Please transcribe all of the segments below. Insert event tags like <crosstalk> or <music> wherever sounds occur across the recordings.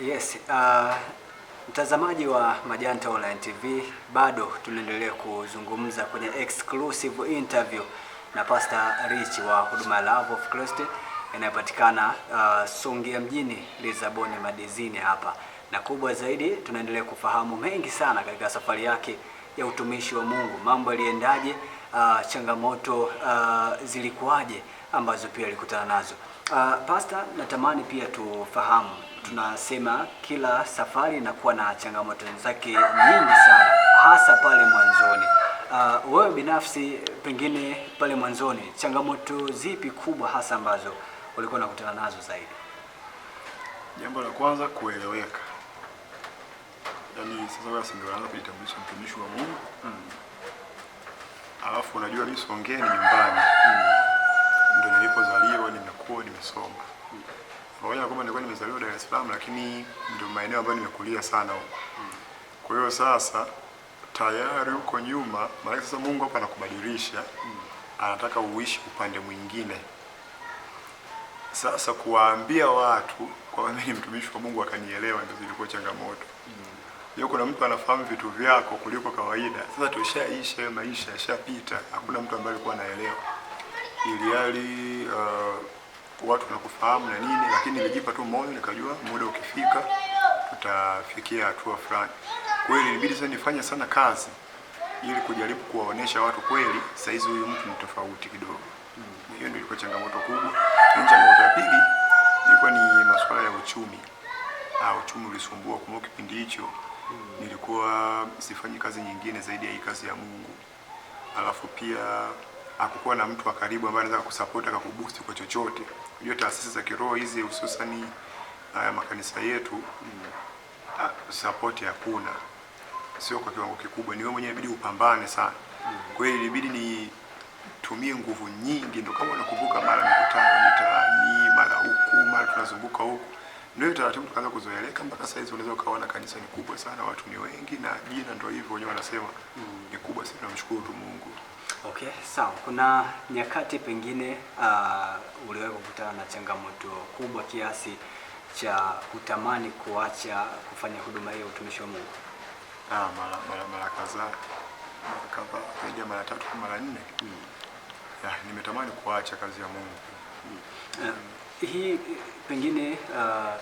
Yes, uh, mtazamaji wa Majanta Online TV, bado tunaendelea kuzungumza kwenye exclusive interview na Pastor Rich wa huduma ya Love of Christ inayopatikana uh, Songea mjini Lisaboni Madizini hapa, na kubwa zaidi tunaendelea kufahamu mengi sana katika safari yake ya utumishi wa Mungu, mambo yaliendaje, uh, changamoto uh, zilikuwaje ambazo pia alikutana nazo. Uh, ah, Pasta, natamani pia tufahamu, tunasema kila safari inakuwa na changamoto zake nyingi sana, hasa pale mwanzoni. Uh, wewe binafsi pengine pale mwanzoni changamoto zipi kubwa hasa ambazo ulikuwa unakutana nazo zaidi? Jambo la kwanza kueleweka, yaani sasa wewe usingeanza kujitambulisha mtumishi wa Mungu mm. Alafu unajua nisongee ni nyumbani mm ndio nilipozaliwa, nimekuwa nimesoma. Pamoja na kwamba nilikuwa nimezaliwa Dar es Salaam, lakini ndio maeneo ambayo nimekulia sana huko. Kwa hiyo sasa tayari huko nyuma, maana sasa Mungu hapa anakubadilisha, anataka uishi upande mwingine. Sasa kuwaambia watu kwamba mimi ni mtumishi wa Mungu akanielewa, ndio zilikuwa changamoto. Leo kuna mtu anafahamu vitu vyako kuliko kawaida. Sasa tushaisha maisha, yashapita, hakuna mtu ambaye alikuwa anaelewa ili hali uh, watu wanakufahamu na nini, lakini nilijipa tu moyo, nikajua muda ukifika tutafikia hatua fulani. Kweli ilibidi sasa nifanye sana kazi ili kujaribu kuwaonesha watu kweli saizi huyu mtu ni tofauti kidogo. Hmm. Hiyo hmm, ndio ilikuwa changamoto kubwa. Changamoto ya pili ilikuwa ni masuala ya uchumi. Ah, uchumi ulisumbua kwa kipindi hicho. Hmm, nilikuwa sifanyi kazi nyingine zaidi ya hii kazi ya Mungu, alafu pia hakukuwa na mtu wa karibu ambaye anaweza kukusupport akakuboost kwa chochote. Unajua taasisi za kiroho hizi hususan haya makanisa yetu mm. Ah, support hakuna, sio kwa kiwango kikubwa, ni wewe mwenyewe inabidi upambane sana mm. kwa hiyo ilibidi ni tumie nguvu nyingi, ndio kama unakumbuka mara mikutano mitaani, mara huku mara tunazunguka huku, ndio taratibu tukaanza kuzoeleka mpaka sasa hizi unaweza ukaona kanisa ni kubwa sana, watu ni wengi na jina ndio hivyo wenyewe wanasema mm. ni kubwa sana. Tunamshukuru tu Mungu. Okay, sawa. Kuna nyakati pengine uh, uliwahi kukutana na changamoto kubwa kiasi cha kutamani kuacha kufanya huduma hiyo utumishi wa Mungu? Ah, mara mara mara kadhaa. Mara kadhaa, zaidi ya mara tatu mara nne. Mm. Ya, nimetamani kuacha kazi ya Mungu. Mm. Uh, Hii pengine uh,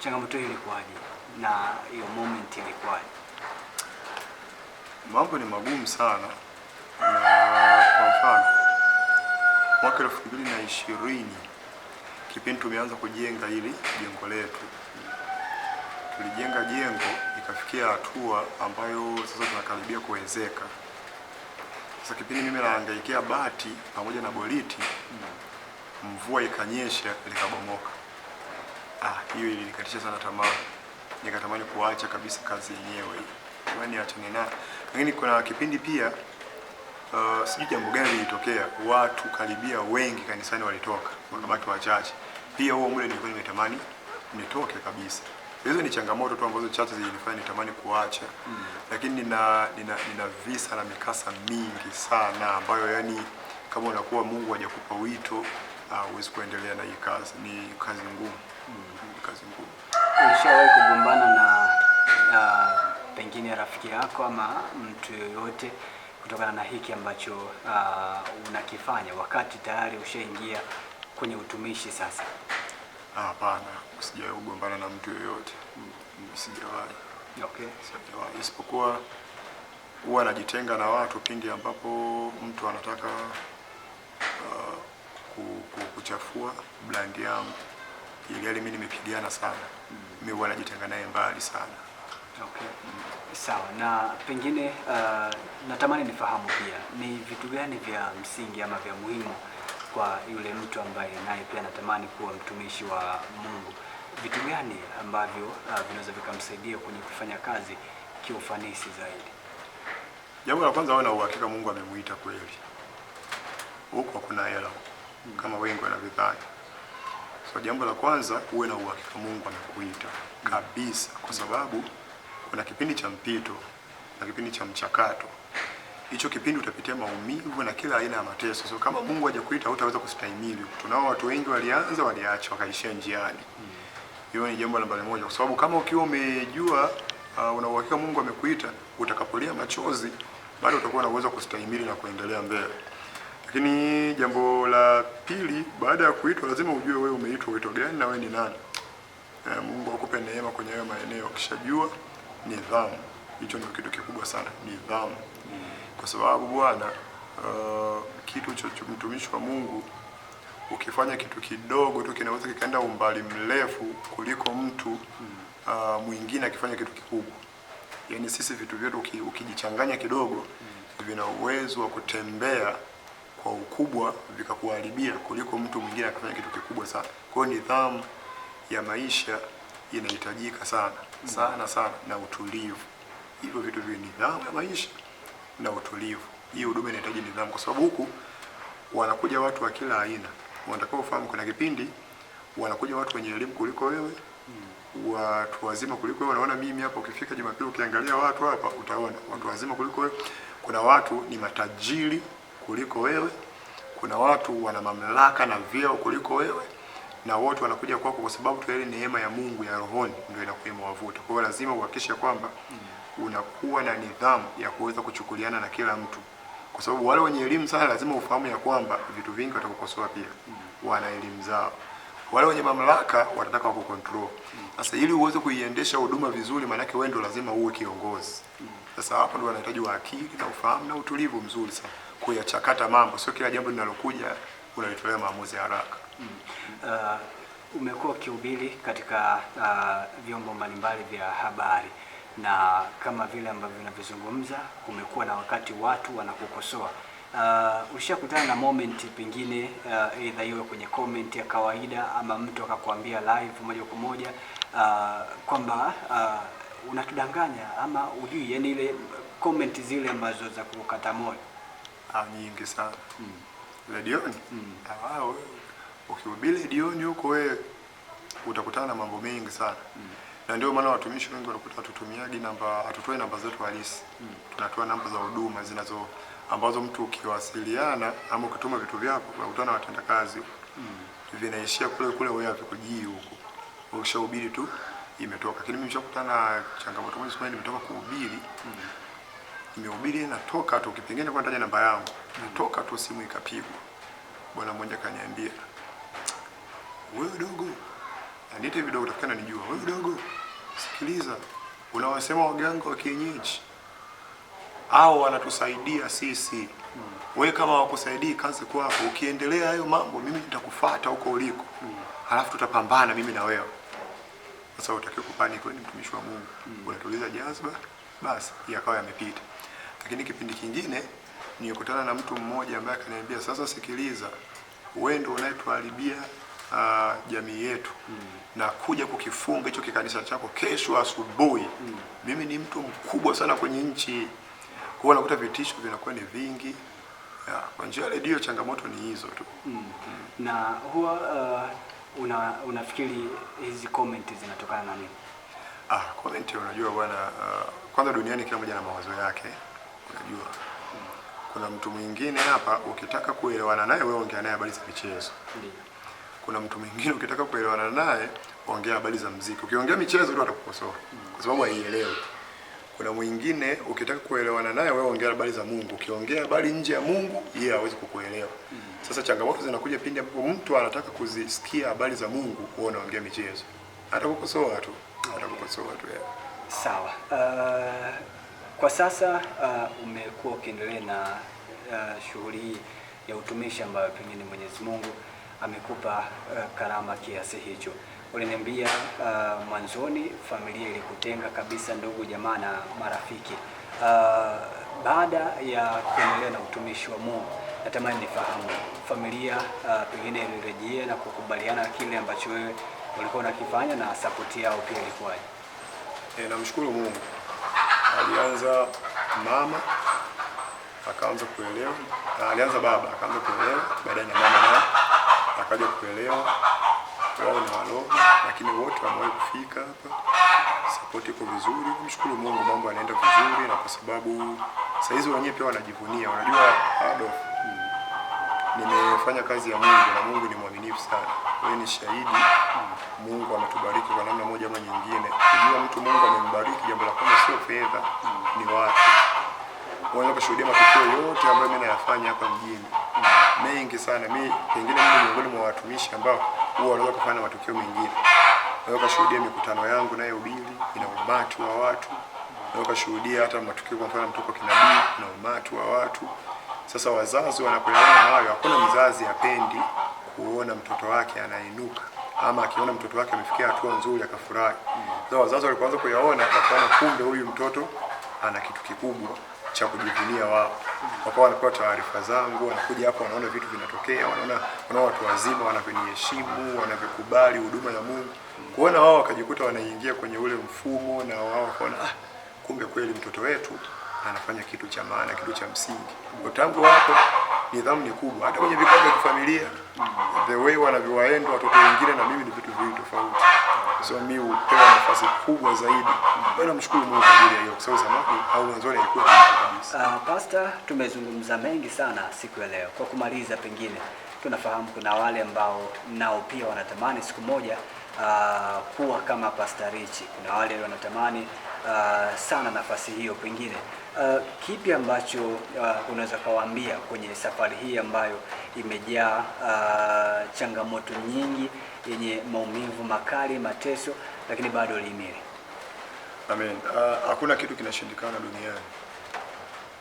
changamoto hii ilikuwaje na hiyo moment ilikuwaje? Mambo ni magumu sana tano mwaka elfu mbili na ishirini kipindi tumeanza kujenga hili jengo letu, tulijenga jengo ikafikia hatua ambayo sasa tunakaribia kuwezeka. Sasa kipindi mimi naangaikia bati pamoja na boliti, mvua ikanyesha likabomoka. Ah, hiyo ilinikatisha sana tamaa, nikatamani kuacha kabisa kazi yenyewe, niachane yaani nayo. Lakini kuna kipindi pia uh, sijui jambo gani lilitokea, watu karibia wengi kanisani walitoka, wakabaki wachache. Pia huo muda nilikuwa nimetamani nitoke kabisa. Hizo ni changamoto tu ambazo chache zilinifanya nitamani kuacha mm. Lakini nina, nina, nina visa na mikasa mingi sana ambayo yani kama unakuwa Mungu hajakupa wito uh, huwezi uh, kuendelea na hii kazi. Ni kazi ngumu mm. Kazi ngumu. Ulishawahi kugombana na uh, pengine rafiki yako ama mtu yoyote kutokana na hiki ambacho uh, unakifanya wakati tayari ushaingia kwenye utumishi sasa? Hapana, sijawahi kugombana na mtu yoyote, sijawahi. Okay. Sijawahi, isipokuwa huwa anajitenga na watu pindi ambapo mtu anataka uh, kuchafua brandi yangu, ili mimi nimepigana sana, mimi huwa najitenga naye mbali sana. Okay. Sawa na pengine uh, natamani nifahamu pia ni vitu gani vya msingi ama vya muhimu kwa yule mtu ambaye naye pia anatamani kuwa mtumishi wa Mungu, vitu gani ambavyo uh, vinaweza vikamsaidia kwenye kufanya kazi kiufanisi zaidi? Jambo la kwanza, awe na uhakika Mungu amemuita kweli. Huko kuna hela hmm. kama wengi wanavyodhani. So jambo la kwanza, uwe na uhakika Mungu amekuita hmm. kabisa, kwa sababu kuna kipindi cha mpito na kipindi cha mchakato. Hicho kipindi utapitia maumivu na kila aina ya mateso. So kama Mungu hajakuita hutaweza kustahimili. Tunao watu wengi walianza, waliacha, wakaishia njiani. Hiyo ni jambo nambari moja, kwa sababu kama ukiwa umejua uh, una uhakika Mungu amekuita, utakapolia machozi bado utakuwa na uwezo kustahimili na kuendelea mbele. Lakini jambo la pili, baada ya kuitwa lazima ujue wewe umeitwa wito gani na wewe ni nani. Uh, Mungu akupe neema kwenye hayo maeneo, ukishajua nidhamu. Hicho ndio kitu kikubwa sana, nidhamu, kwa sababu bwana uh, kitu cha mtumishi wa Mungu ukifanya kitu kidogo tu kinaweza kikaenda umbali mrefu kuliko mtu uh, mwingine akifanya kitu kikubwa. Yaani sisi vitu vyetu ukijichanganya kidogo vina uwezo wa kutembea kwa ukubwa vikakuharibia kuliko mtu mwingine akifanya kitu kikubwa sana. Kwa hiyo nidhamu ya maisha inahitajika sana sana sana, na utulivu. Hivyo vitu vya nidhamu ya maisha na utulivu. Hii huduma inahitaji nidhamu, kwa sababu huku wanakuja watu wa kila aina. Unatakiwa ufahamu, kuna kipindi wanakuja watu wenye elimu kuliko wewe, watu wazima kuliko wewe. Unaona mimi hapa, ukifika Jumapili ukiangalia watu hapa, utaona watu wazima kuliko wewe. Kuna watu ni matajiri kuliko wewe, kuna watu wana mamlaka na vyeo kuliko wewe na wote wanakuja kwako kwa sababu tu ile yaani neema ya Mungu ya rohoni ndio inakuwa imewavuta. Kwa hiyo lazima uhakikishe kwamba unakuwa na nidhamu ya kuweza kuchukuliana na kila mtu, kwa sababu wale wenye elimu sana lazima ufahamu ya kwamba vitu vingi watakukosoa pia, wana elimu zao. Wale wenye mamlaka watataka wakukontrol. Sasa ili uweze kuiendesha huduma vizuri, maana yake wewe ndio lazima uwe kiongozi. Sasa hapo ndio wanahitaji wa akili na ufahamu na utulivu mzuri sana kuyachakata mambo, sio kila jambo linalokuja unalitolea maamuzi haraka. Mm. Uh, umekuwa ukihubiri katika uh, vyombo mbalimbali vya habari na kama vile ambavyo vinavyozungumza umekuwa na wakati watu wanakukosoa. Uh, ushakutana na moment pengine aidha uh, iwe kwenye comment ya kawaida ama mtu akakwambia live moja kwa moja uh, kwamba uh, unatudanganya ama ujui, yani ile comment zile ambazo za kukata moyo ah, nyingi sana mm. mm. Ah, ukihubiri jioni huko wewe utakutana na mambo mengi sana mm. na ndio maana watumishi wengi wanakuta hatutumiagi namba, hatutoi namba zetu halisi mm. tunatoa namba za huduma zinazo ambazo mtu ukiwasiliana ama ukituma vitu vyako unakutana na watendakazi mm. vinaishia kule kule, wewe havikujii huko, ukishahubiri tu imetoka. Lakini mimi nishakutana na changamoto moja, sikwenda nimetoka kuhubiri mm. nimehubiri, natoka tu kipengine, kwa ndani namba yangu, mm. natoka tu simu ikapigwa, bwana mmoja kaniambia wewe dogo, andite vidogo tafikana nijua, wewe dogo, sikiliza, unawasema waganga wa kienyeji au wanatusaidia sisi hmm. Wewe kama wakusaidii kazi kwako, ukiendelea hayo mambo, mimi nitakufuata huko uliko hmm. Halafu tutapambana mimi na wewe. Sasa utakiwa kupani wewe mtumishi wa Mungu hmm. Unatuliza jazba basi, yakawa yamepita. Lakini kipindi kingine nilikutana na mtu mmoja ambaye akaniambia, sasa sikiliza, wewe ndio unayetuharibia uh, jamii yetu mm. na kuja kukifunga hicho kikanisa chako kesho asubuhi mm. Mimi ni mtu mkubwa sana kwenye nchi, huwa nakuta vitisho vinakuwa ni vingi kwa njia ya redio. Changamoto ni hizo tu mm. Mm. na huwa uh, una, unafikiri hizi comment zinatokana na nini? Ah, comment unajua bwana uh, kwanza duniani kila mmoja na mawazo yake unajua mm. kuna mtu mwingine hapa ukitaka kuelewana naye wewe ongea naye habari za michezo kuna mtu mwingine ukitaka kuelewana naye ongea habari za muziki. Ukiongea michezo tu atakukosoa kwa sababu haielewi. Kuna mwingine ukitaka kuelewana naye wewe ongea habari za Mungu. Ukiongea habari nje ya Mungu yeye yeah, hawezi kukuelewa. Sasa changamoto zinakuja pindi ambapo mtu anataka kuzisikia habari za Mungu, wewe unaongea michezo. Atakukosoa tu. Atakukosoa tu yeah. Sawa. Uh, kwa sasa uh, umekuwa ukiendelea na uh, shughuli ya utumishi ambayo pengine Mwenyezi Mungu amekupa eh, karama kiasi hicho. Uliniambia uh, mwanzoni familia ilikutenga kabisa, ndugu jamaa na marafiki uh, baada ya kuendelea na utumishi wa Mungu natamani nifahamu familia uh, pengine ilirejea na kukubaliana kile ambacho wewe ulikuwa unakifanya na sapoti yao pia ilikuwaje? E, namshukuru Mungu, alianza mama akaanza kuelewa, alianza baba akaanza kuelewa, baadaye na mama naye akaja kuelewa wao na walogo, lakini wote wamewahi kufika hapa, support iko vizuri. Mshukuru Mungu, mambo yanaenda vizuri, na kwa sababu saa wenyewe pia wanajivunia, wanajua bado hmm, nimefanya kazi ya Mungu na Mungu ni mwaminifu sana. Wewe ni shahidi Mungu ametubariki kwa namna moja ama nyingine. Kujua mtu Mungu amembariki, jambo la kwanza sio fedha ni watu. Unaweza kushuhudia matukio yote ambayo mimi nayafanya hapa mjini mengi sana. Mi pengine mimi miongoni mwa watumishi ambao huwa wanaweza kufanya matukio mengine, naweza kushuhudia mikutano yangu nayo ubili ina umati wa watu, naweza kushuhudia hata matukio, kwa mfano mtoko kinabii na umati wa watu. Sasa wazazi wanapoyaona hayo, hakuna mzazi apendi kuona mtoto wake anainuka ama akiona mtoto wake amefikia hatua nzuri akafurahi. Sasa wazazi walipoanza kuyaona, wakaona kumbe huyu mtoto ana kitu kikubwa cha kujivunia wao wakawa wanapewa taarifa zangu, wanakuja hapa, wanaona vitu vinatokea, wanaona wanaona watu wazima wanavyoniheshimu, wanavyokubali huduma ya Mungu. Kuona wao wakajikuta wanaingia kwenye ule mfumo, na wao wakaona ah, kumbe kweli mtoto wetu anafanya kitu cha maana, kitu cha msingi. Kwa tangu hapo nidhamu ni kubwa, hata kwenye vikao vya kifamilia the way wanavyowaenda watoto wengine na mimi ni vitu viwili tofauti so mimi hupewa nafasi kubwa zaidi. Bwana namshukuru Mungu kwa ajili ya hiyo, kwa sababu zamani au mwanzoni ilikuwa kabisa. Uh, ah, Pastor, tumezungumza mengi sana siku ya leo. Kwa kumaliza, pengine tunafahamu kuna wale ambao nao pia wanatamani siku moja uh, kuwa kama Pastor Rich. Kuna wale wanatamani uh, sana nafasi hiyo pengine Uh, kipi ambacho uh, unaweza kawaambia kwenye safari hii ambayo imejaa uh, changamoto nyingi yenye maumivu makali, mateso, lakini bado limili. Amen. Ah, hakuna kitu kinashindikana duniani.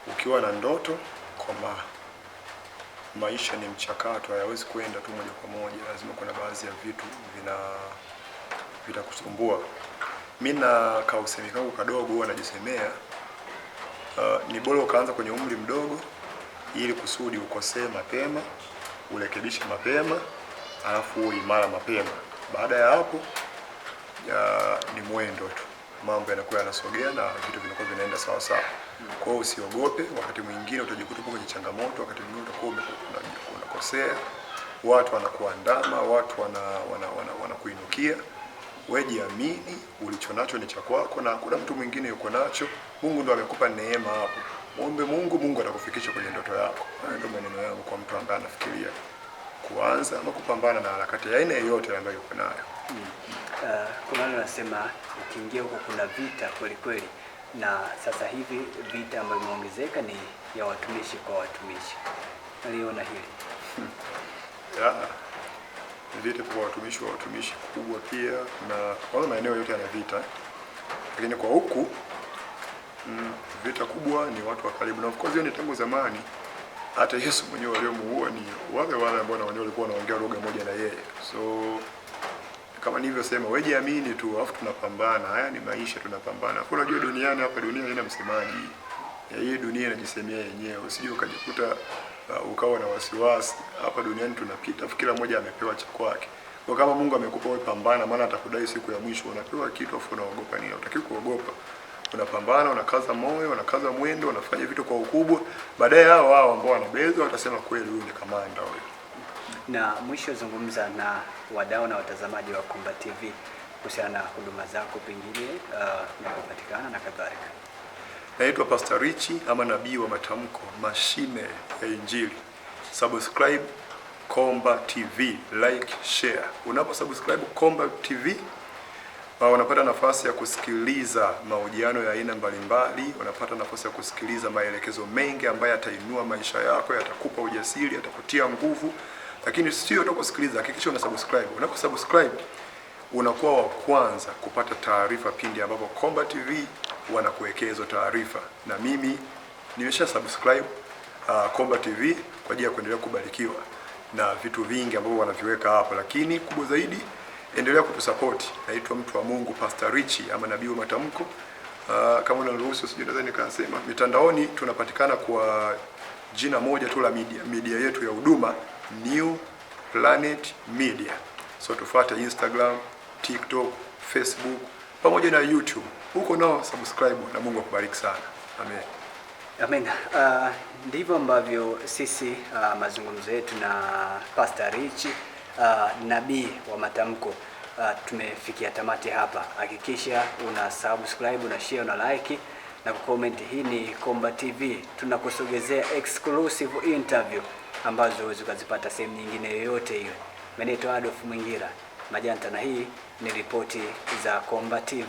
Ukiwa na ndoto koma. Maisha ni mchakato, hayawezi kwenda tu moja kwa moja, lazima kuna baadhi ya vitu vina vitakusumbua. mi na kausemi kangu kadogo huwa najisemea uh, ni bora ukaanza kwenye umri mdogo ili kusudi ukosee mapema, urekebishe mapema alafu imara mapema. Baada ya hapo ya, ni mwendo tu, mambo yanakuwa yanasogea na vitu vinakuwa vinaenda sawa sawa. Kwa hiyo usiogope, wakati mwingine utajikuta kwenye changamoto, wakati mwingine utakuwa unakosea, watu wanakuandama, watu wanakuinukia, wana, wana, wana wewe jiamini, ulicho nacho ni cha kwako na hakuna mtu mwingine yuko nacho. Mungu ndo amekupa neema hapo, muombe Mungu, Mungu atakufikisha kwenye ndoto yako. Hayo ndio maneno yangu kwa mtu ambaye anafikiria kuanza ama kupambana na harakati ya aina yoyote ambayo uko nayo. Mm. Uh, eh, nasema ukiingia huko kuna vita kweli kweli, na sasa hivi vita ambayo imeongezeka ni ya watumishi kwa watumishi. aliona hili hmm. <laughs> yeah. Vita kwa watumishi wa watumishi kubwa pia, na kwanza maeneo yote yana vita, lakini kwa huku mm, vita kubwa ni watu wa karibu, na of course hiyo ni tangu zamani hata Yesu mwenyewe aliyomuua ni wale wale ambao na wenyewe walikuwa wanaongea lugha moja na yeye. So kama nilivyosema, wejiamini tu, afu tunapambana. Haya ni maisha, tunapambana. Kwa unajua duniani hapa, dunia haina msemaji, eh, hii dunia inajisemea yenyewe. Usije ukajikuta uh, ukawa na wasiwasi. Hapa duniani tunapita, kila mmoja amepewa cha kwake. Kwa kama Mungu amekupa wewe, pambana, maana atakudai siku ya mwisho. Unapewa kitu afu unaogopa nini? Unatakiwa kuogopa wanapambana, wanakaza moyo, wanakaza mwendo, wanafanya vitu kwa ukubwa. Baadaye hao wao ambao wanabezwa watasema kweli huyu ni kamanda huyo Na mwisho, zungumza na wadau na watazamaji wa Kumba TV kuhusiana na huduma zako, pengine uh, na kadhalika. Naitwa Pastor Richi ama nabii wa matamko, mashine ya Injili. Subscribe Komba TV, like, share. Unaposubscribe Komba TV Ah, wanapata nafasi ya kusikiliza mahojiano ya aina mbalimbali, wanapata nafasi ya kusikiliza maelekezo mengi ambayo yatainua maisha yako, yatakupa ujasiri, yatakutia nguvu. Lakini sio tu kusikiliza, hakikisha una subscribe. Unapo subscribe unakuwa wa kwanza kupata taarifa pindi ambapo Combat TV wanakuwekea hizo taarifa, na mimi nimesha subscribe uh, ah, Combat TV kwa ajili ya kuendelea kubarikiwa na vitu vingi ambavyo wanaviweka hapa, lakini kubwa zaidi endelea kutusapoti. Naitwa mtu wa Mungu Pastor Richi ama nabii wa matamko. Uh, kama unaruhusu sijui nadhani nikasema mitandaoni tunapatikana kwa jina moja tu la media, media yetu ya huduma New Planet Media. So tufuate Instagram, TikTok, Facebook pamoja na YouTube. Huko nao subscribe na Mungu akubariki sana. Amen. Amen. Uh, ndivyo ambavyo sisi uh, mazungumzo yetu na Pastor Richi uh, nabii wa matamko uh, tumefikia tamati hapa. Hakikisha una subscribe, una share, una like na comment. Hii ni Komba TV, tunakusogezea exclusive interview ambazo huwezi ukazipata sehemu nyingine yoyote hiyo. Menaitwa Adolf Mwingira Majanta na hii ni ripoti za Komba TV.